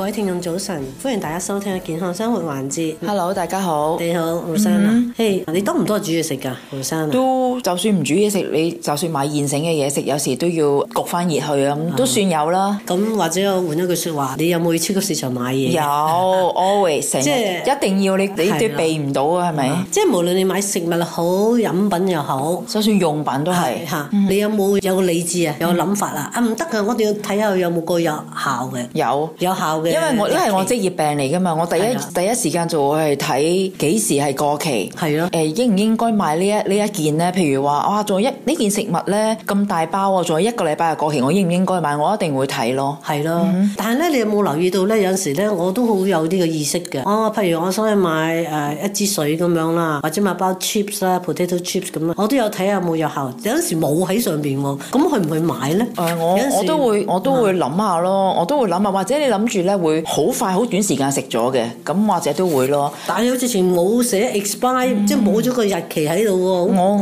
各位聽眾早晨，歡迎大家收聽健康生活環節。Hello，大家好，你好，盧生啊。嘿，你多唔多煮嘢食噶，盧生啊？都就算唔煮嘢食，你就算買現成嘅嘢食，有時都要焗翻熱去啊。都算有啦。咁或者我換一句說話，你有冇去超級市場買嘢？有，always，即係一定要你，你都避唔到啊，係咪？即係無論你買食物好，飲品又好，就算用品都係。吓，你有冇有個理智啊？有個諗法啊？啊，唔得噶，我哋要睇下有冇個有效嘅。有，有效嘅。因為我因為係我職業病嚟噶嘛，我第一、啊、第一時間就會係睇幾時係過期，係咯、啊，誒應唔應該買呢一呢一件咧？譬如話哇，仲有一呢件食物咧咁大包啊，仲有一個禮拜係過期，我應唔應該買？我一定會睇咯，係咯。嗯、但係咧，你有冇留意到咧？有時咧我都好有呢個意識嘅。哦，譬如我想去買誒、呃、一支水咁樣啦，或者買包 chips 啦，potato chips 咁啦，我都有睇下有冇有，有效。有時冇喺上邊喎、哦，咁去唔去買咧？誒、呃，我時我都會我都會諗下、嗯、下咯，我都會諗下，或者你諗住咧？而家會好快好短時間食咗嘅，咁或者都會咯。但係好之前冇寫 expire，mm. 即係冇咗個日期喺度喎，我唔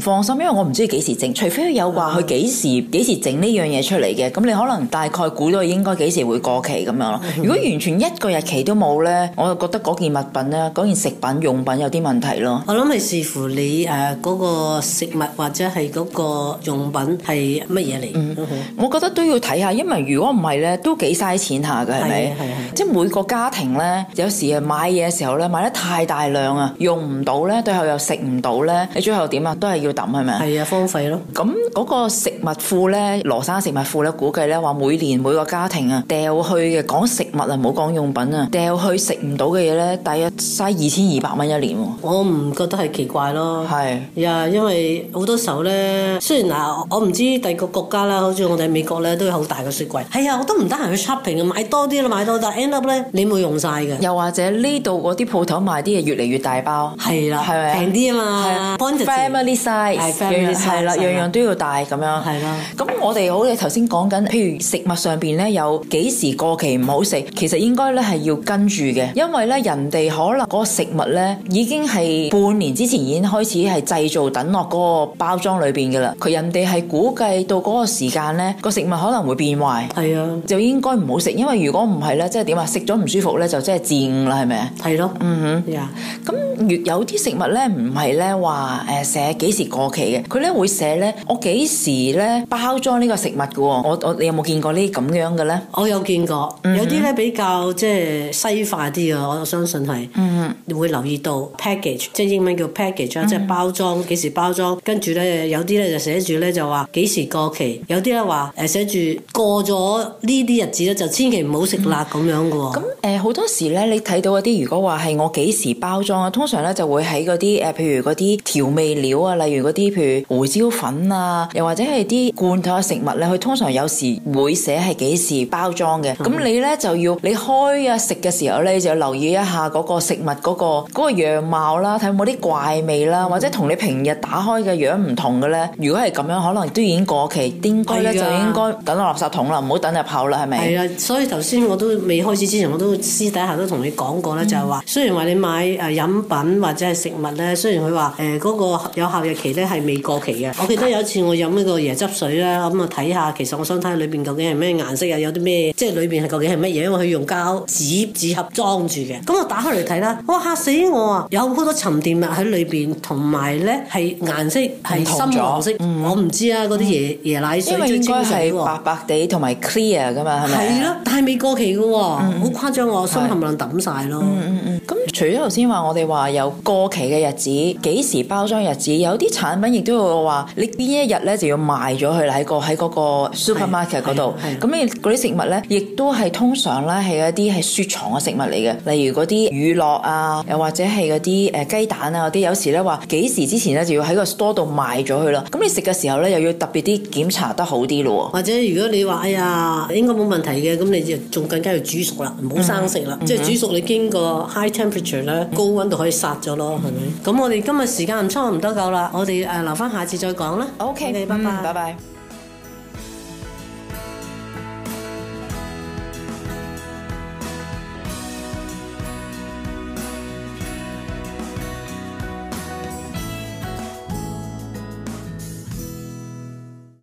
放心，因為我唔知幾時整，除非有話佢幾時幾、mm. 時整呢樣嘢出嚟嘅，咁你可能大概估到應該幾時會過期咁樣咯。Mm. 如果完全一個日期都冇咧，我就覺得嗰件物品咧，嗰件食品用品有啲問題咯。我諗你視乎你誒嗰、呃嗰個食物或者係嗰個用品係乜嘢嚟。Mm. Mm hmm. 我覺得都要睇下，因為如果唔係咧，都幾嘥錢嚇。係咪？即係每個家庭咧，有時啊買嘢嘅時候咧，買得太大量啊，用唔到咧，最後又食唔到咧，你最後點啊？都係要抌係咪啊？係啊，荒廢咯。咁嗰個食物庫咧，羅生食物庫咧，估計咧話每年每個家庭啊掉去嘅，講食物啊，唔好講用品啊，掉去食唔到嘅嘢咧，大約嘥二千二百蚊一年。我唔覺得係奇怪咯。係呀，因為好多時候咧，雖然啊，我唔知第個國家啦，好似我哋喺美國咧，都有好大嘅雪櫃。係啊，我都唔得閒去 shopping 啊，買。多啲咯，買多，但 end up 咧，你冇用晒嘅。又或者呢度嗰啲鋪頭賣啲嘢越嚟越大包，係啦的，係咪平啲啊嘛的 Point of，family size，係啦，樣樣都要大咁樣。係咯的。咁我哋好似頭先講緊，譬如食物上面咧有幾時過期唔好食，其實應該咧係要跟住嘅，因為咧人哋可能嗰個食物咧已經係半年之前已經開始係製造等落嗰個包裝裏面嘅啦。佢人哋係估計到嗰個時間咧，個食物可能會變壞，係啊的，就應該唔好食，因為如果唔係咧，即係點啊？食咗唔舒服咧，就即係賤啦，係咪啊？係咯的，嗯哼，咁越 Yeah. 有啲食物咧，唔係咧話誒寫幾時過期嘅？佢咧會寫咧，我幾時咧包裝呢個食物嘅喎？我我你有冇見過這這呢咁樣嘅咧？我有見過，嗯、哼有啲咧比較即係西化啲啊，我相信係，嗯、哼你會留意到 package，即係英文叫 package，、嗯、哼即係包裝幾時包裝，跟住咧有啲咧就寫住咧就話幾時過期，有啲咧話誒寫住過咗呢啲日子咧就千祈。唔好食辣咁樣嘅、哦、喎。咁誒好多時咧，你睇到嗰啲，如果話係我幾時包裝啊？通常咧就會喺嗰啲誒，譬如嗰啲調味料啊，例如嗰啲譬如胡椒粉啊，又或者係啲罐頭嘅食物咧，佢通常有時會寫係幾時包裝嘅。咁、嗯、你咧就要你開啊食嘅時候咧，你就要留意一下嗰個食物嗰、嗰個嗰、嗰個、樣貌啦，睇有冇啲怪味啦，嗯、或者同你平日打開嘅樣唔同嘅咧。如果係咁樣，可能都已經過期。應該咧的就應該抌落垃圾桶啦，唔好抌入口啦，係咪？係啊，所以就頭先我都未開始之前，我都私底下都同你講過啦。嗯、就係話，雖然話你買呃、飲品或者係食物咧，雖然佢話誒嗰個有效日期咧係未過期嘅。我記得有一次我飲呢個椰汁水啦，咁啊睇下，其實我想睇下裏面究竟係咩顏色啊，有啲咩，即係裏面係究竟係乜嘢，因為佢用膠紙紙盒裝住嘅。咁、嗯、我打開嚟睇啦，哇，嚇死我啊！有好多沉澱物喺裏面，同埋咧係顏色係深黃色。嗯、我唔知啊，嗰啲椰、嗯、椰奶水應該係白白地同埋 clear 噶嘛，係咪？係咯，未過期嘅喎，好、嗯、誇張喎，我心冧冧揼曬咯。除咗頭先話我哋話有過期嘅日子，幾時包裝日子，有啲產品亦都會話你邊一日咧就要賣咗佢喺個喺嗰個 supermarket 嗰度。咁你嗰啲食物咧，亦都係通常咧係一啲係雪藏嘅食物嚟嘅，例如嗰啲魚肉啊，又或者係嗰啲雞蛋啊嗰啲，有時咧話幾時之前咧就要喺個 store 度賣咗佢啦。咁你食嘅時候咧又要特別啲檢查得好啲咯。或者如果你話，哎呀，應該冇問題嘅，咁你就仲更加要煮熟啦，唔好生食啦。嗯、即係煮熟你經過 high temperature。.高溫度可以殺咗咯，係咪？咁我哋今日時間差唔多夠啦，我哋誒留翻下，下次再講啦。OK，你哋拜拜。嗯，拜拜。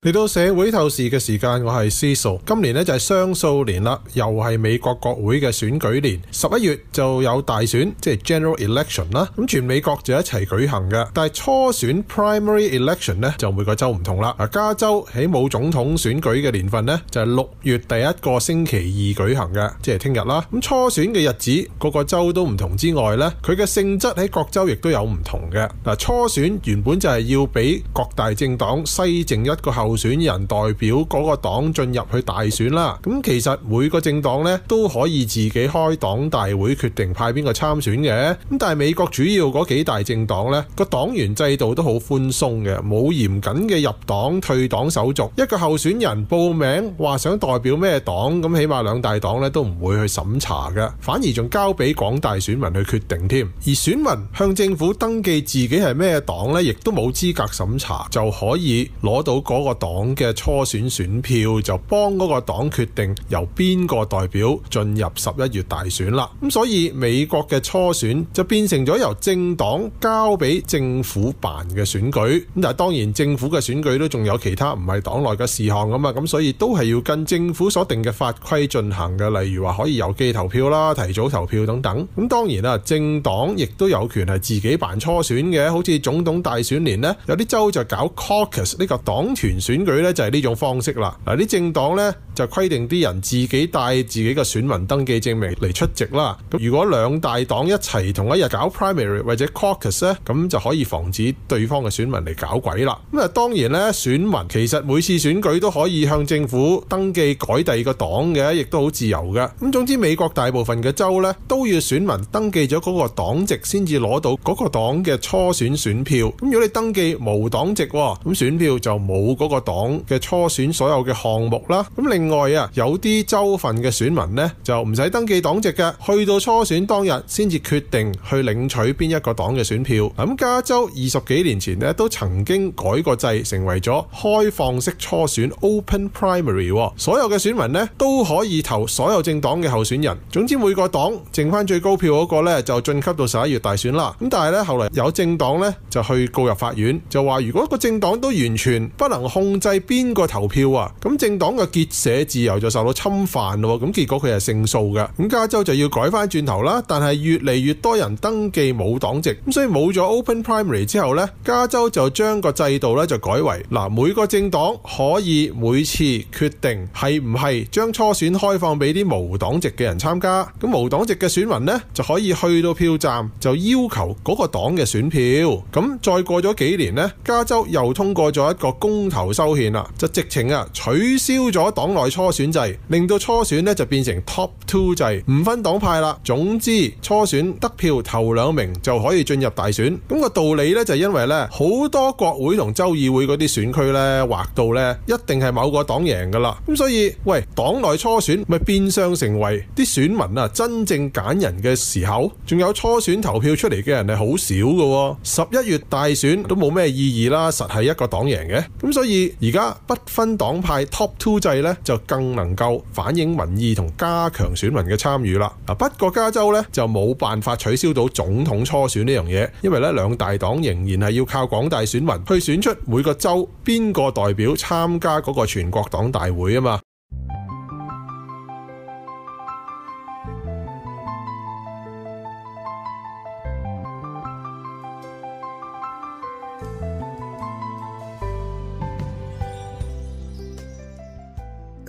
嚟到社會透視嘅時間，我係 Ciso。今年呢，就係雙數年啦，又係美國國會嘅選舉年。十一月就有大選，即係 General Election 啦。咁全美國就一齊舉行嘅。但係初選 （Primary Election） 呢，就每個州唔同啦。啊，加州喺冇總統選舉嘅年份呢，就係、是、六月第一個星期二舉行嘅，即係聽日啦。咁初選嘅日子，各個州都唔同之外呢，佢嘅性質喺各州亦都有唔同嘅。嗱，初選原本就係要俾各大政黨篩淨一個后。候選人代表嗰個黨進入去大選啦，咁其實每個政黨咧都可以自己開黨大會決定派邊個參選嘅。咁但係美國主要嗰幾大政黨咧個黨員制度都好寬鬆嘅，冇嚴謹嘅入黨退黨手續。一個候選人報名話想代表咩黨，咁起碼兩大黨咧都唔會去審查嘅，反而仲交俾廣大選民去決定添。而選民向政府登記自己係咩黨咧，亦都冇資格審查，就可以攞到嗰個。黨嘅初選選票就幫嗰個黨決定由邊個代表進入十一月大選啦。咁所以美國嘅初選就變成咗由政黨交俾政府辦嘅選舉。咁但係當然政府嘅選舉都仲有其他唔係黨內嘅事項咁嘛。咁所以都係要跟政府所定嘅法規進行嘅。例如話可以郵寄投票啦、提早投票等等。咁當然啦，政黨亦都有權係自己辦初選嘅。好似總統大選年呢，有啲州就搞 caucus 呢個黨團選。選舉咧就係呢種方式啦。嗱、啊，啲政黨呢就規定啲人自己帶自己嘅選民登記證明嚟出席啦。咁如果兩大黨一齊同一日搞 primary 或者 caucus 咧，咁就可以防止對方嘅選民嚟搞鬼啦。咁啊，當然呢，選民其實每次選舉都可以向政府登記改第二個黨嘅，亦都好自由㗎。咁總之，美國大部分嘅州呢都要選民登記咗嗰個黨籍先至攞到嗰個黨嘅初選選票。咁如果你登記無黨籍、哦，咁選票就冇嗰個黨籍。黨嘅初選所有嘅項目啦，咁另外啊，有啲州份嘅選民呢，就唔使登記黨籍嘅，去到初選當日先至決定去領取邊一個黨嘅選票。咁加州二十幾年前呢，都曾經改過制，成為咗開放式初選 （open primary），所有嘅選民呢，都可以投所有政黨嘅候選人。總之每個黨剩翻最高票嗰個呢，就晉級到十一月大選啦。咁但係呢，後來有政黨呢，就去告入法院，就話如果個政黨都完全不能控。控制邊個投票啊？咁政黨嘅結社自由就受到侵犯咯。咁結果佢係勝訴嘅。咁加州就要改翻轉頭啦。但係越嚟越多人登記冇黨籍，咁所以冇咗 Open Primary 之後呢，加州就將個制度咧就改為嗱，每個政黨可以每次決定係唔係將初選開放俾啲無黨籍嘅人參加。咁無黨籍嘅選民呢，就可以去到票站就要求嗰個黨嘅選票。咁再過咗幾年呢，加州又通過咗一個公投。收憲啦，就直情啊取消咗黨內初選制，令到初選呢就變成 top two 制，唔分黨派啦。總之初選得票頭兩名就可以進入大選。咁個道理呢，就因為呢好多國會同州議會嗰啲選區呢，劃到呢一定係某個黨贏噶啦。咁所以喂黨內初選咪變相成為啲選民啊真正揀人嘅時候，仲有初選投票出嚟嘅人係好少噶。十一月大選都冇咩意義啦，實係一個黨贏嘅。咁所以。而家不分黨派 Top Two 制咧，就更能夠反映民意同加強選民嘅參與啦。啊，不過加州咧就冇辦法取消到總統初選呢樣嘢，因為咧兩大黨仍然係要靠廣大選民去選出每個州邊個代表參加嗰個全國黨大會啊嘛。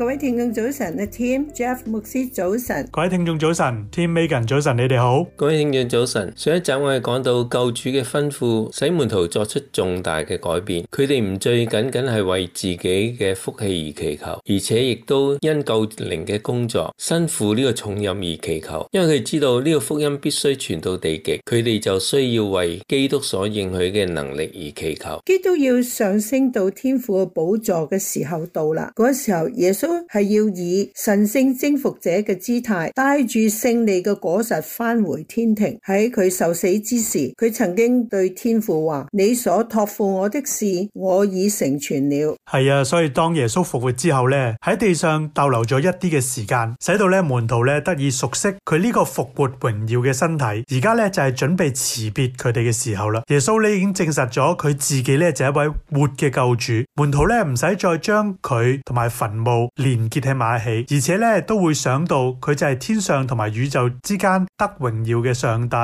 各位聽眾早晨，Tim、Jeff、牧師早晨，各位聽眾早晨，Tim Megan 早晨，你哋好，各位聽眾早晨。上一集我哋講到救主嘅吩咐，使門徒作出重大嘅改變。佢哋唔再僅僅係為自己嘅福氣而祈求，而且亦都因救靈嘅工作，身負呢個重任而祈求。因為佢哋知道呢個福音必須傳到地極，佢哋就需要為基督所應許嘅能力而祈求。基督要上升到天父嘅寶座嘅時候到啦，嗰時候耶穌。係要以神聖征服者嘅姿態，帶住勝利嘅果實返回天庭。喺佢受死之時，佢曾經對天父話：你所託付我的事，我已成全了。係啊，所以當耶穌復活之後呢，喺地上逗留咗一啲嘅時間，使到咧門徒咧得以熟悉佢呢個復活榮耀嘅身體。而家咧就係準備辭別佢哋嘅時候啦。耶穌呢已經證實咗佢自己呢就係一位活嘅救主，門徒咧唔使再將佢同埋墳墓連結喺馬戲，而且咧都會想到佢就係天上同埋宇宙之間得榮耀嘅上帝。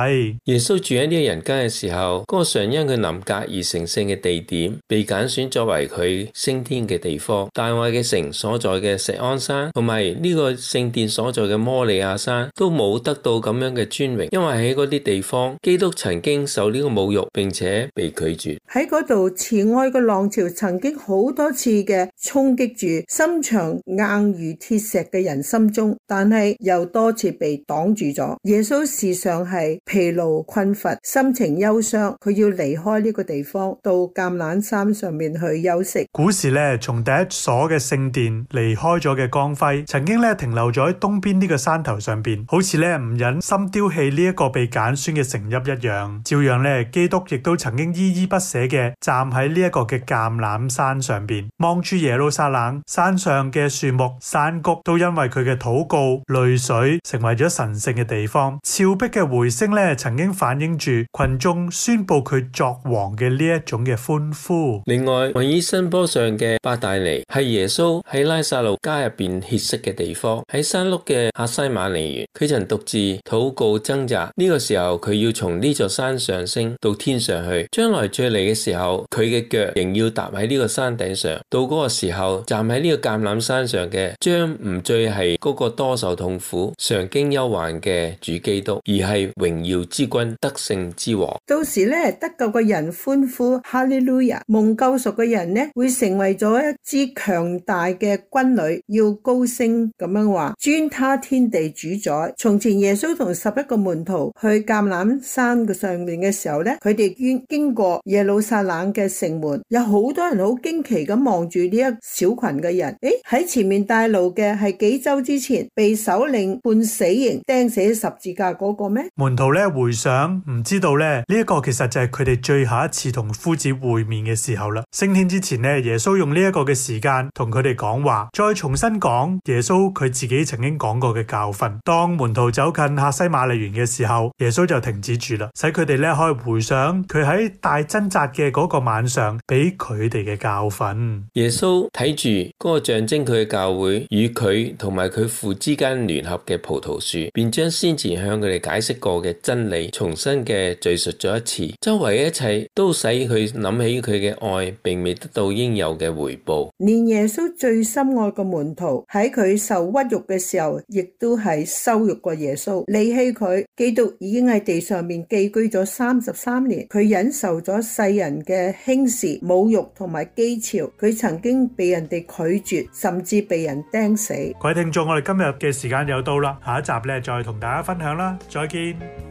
耶穌住喺呢個人間嘅時候，呢、嗰個常因佢臨格而成聖嘅地點，被揀選作為佢升天嘅地方。大衛嘅城所在嘅錫安山，同埋呢個聖殿所在嘅摩利亞山，都冇得到咁樣嘅尊榮，因為喺嗰啲地方，基督曾經受呢個侮辱，並且被拒絕。喺嗰度慈愛嘅浪潮曾經好多次嘅衝擊住心腸，硬如鐵石嘅人心中，但係又多次被擋住咗。耶穌時常係疲勞困乏、心情憂傷，佢要離開呢個地方到橄欖山上面去休息。古時咧，從第一所嘅聖殿離開咗嘅光輝，曾經咧停留在東邊呢個山頭上邊，好似咧唔忍心丟棄呢一個被揀選嘅城邑一樣。照樣咧，基督亦都曾經依依不捨嘅站喺呢一個嘅橄欖山上邊，望住耶路撒冷山上嘅。樹木、山谷都因為佢嘅禱告、淚水，成為咗神聖嘅地方。峭壁嘅回聲呢，曾經反映住群眾宣布佢作王嘅呢一種嘅歡呼。另外，位於山坡上嘅伯大尼，係耶穌喺拉撒路家入邊歇息嘅地方。喺山麓嘅阿西馬尼園，佢曾獨自禱告掙扎。呢個時候，佢要從呢座山上升到天上去。將來再嚟嘅時候，佢嘅腳仍要踏喺呢個山頂上。到嗰個時候，站喺呢個橄欖山。身上嘅，將唔再係嗰個多受痛苦、常經憂患嘅主基督，而係榮耀之君、得勝之王。到時咧，得救嘅人歡呼哈利路亞，蒙救贖嘅人咧，會成為咗一支強大嘅軍隊，要高聲咁樣話尊他天地主宰。從前耶穌同十一個門徒去橄欖山嘅上面嘅時候咧，佢哋經經過耶路撒冷嘅城門，有好多人好驚奇咁望住呢一小群嘅人，誒喺。前面帶路嘅係幾周之前被首領判死刑釘死十字架嗰個咩？門徒咧回想，唔知道咧呢一個其實就係佢哋最後一次同夫子會面嘅時候啦。升天之前呢，耶穌用呢一個嘅時間同佢哋講話，再重新講耶穌佢自己曾經講過嘅教訓。當門徒走近客西馬利園嘅時候，耶穌就停止住啦，使佢哋咧可以回想佢喺大掙扎嘅嗰個晚上俾佢哋嘅教訓。耶穌睇住嗰個象徵佢。教會與佢同埋佢父之間聯合嘅葡萄樹，便將先前向佢哋解釋過嘅真理重新嘅敘述咗一次。周圍嘅一切都使佢諗起佢嘅愛並未得到應有嘅回報。連耶穌最深愛嘅門徒喺佢受屈辱嘅時候，亦都係羞辱過耶穌，離棄佢。基督已經喺地上面寄居咗三十三年，佢忍受咗世人嘅輕視、侮辱同埋譏嘲。佢曾經被人哋拒絕，甚至至被人釘死。各位聽眾，我哋今日嘅時間又到啦，下一集呢，再同大家分享啦，再見。